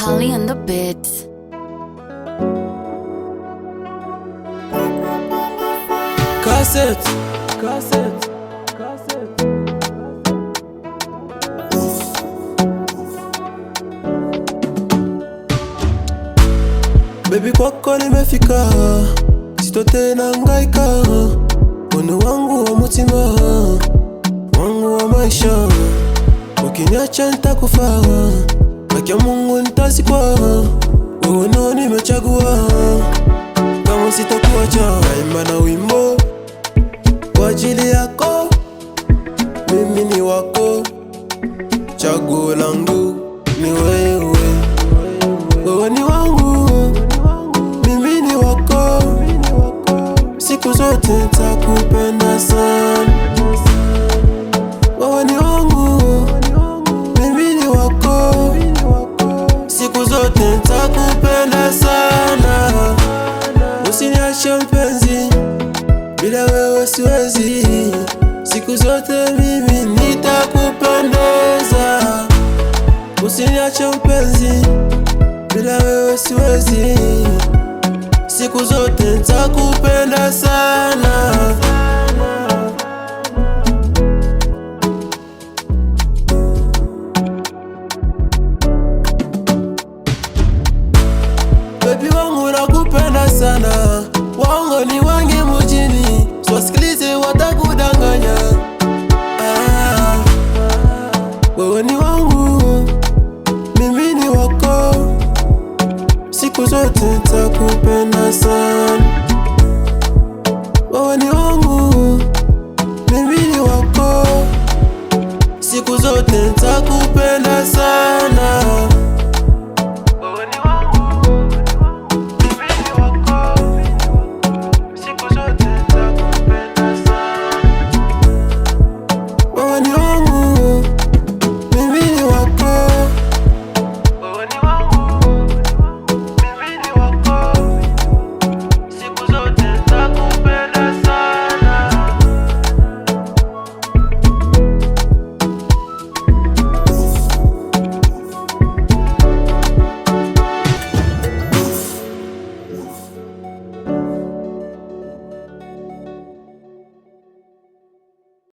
Collie and the Bits. Cassette, cassette, cassette. Baby kwako nimefika, sitotena ngaika, mono wangu wa mutima, wangu wa maisha, ukiniacha nitakufa cha Mungu nitasikwa, wewe ndo nimechagua, kama sitakuacha. Naimba na wimbo kwa ajili yako, mimi ni wako, chaguo langu ni wewe, wewe ni wangu, mimi ni wako, siku zote nitakupenda sana. bila wewe siwezi, siku zote mimi nitakupendeza, usiniache mpenzi, bila wewe siwezi, siku zote nitakupenda sana baby wangu, nakupenda sana, wangu ni yote takupenda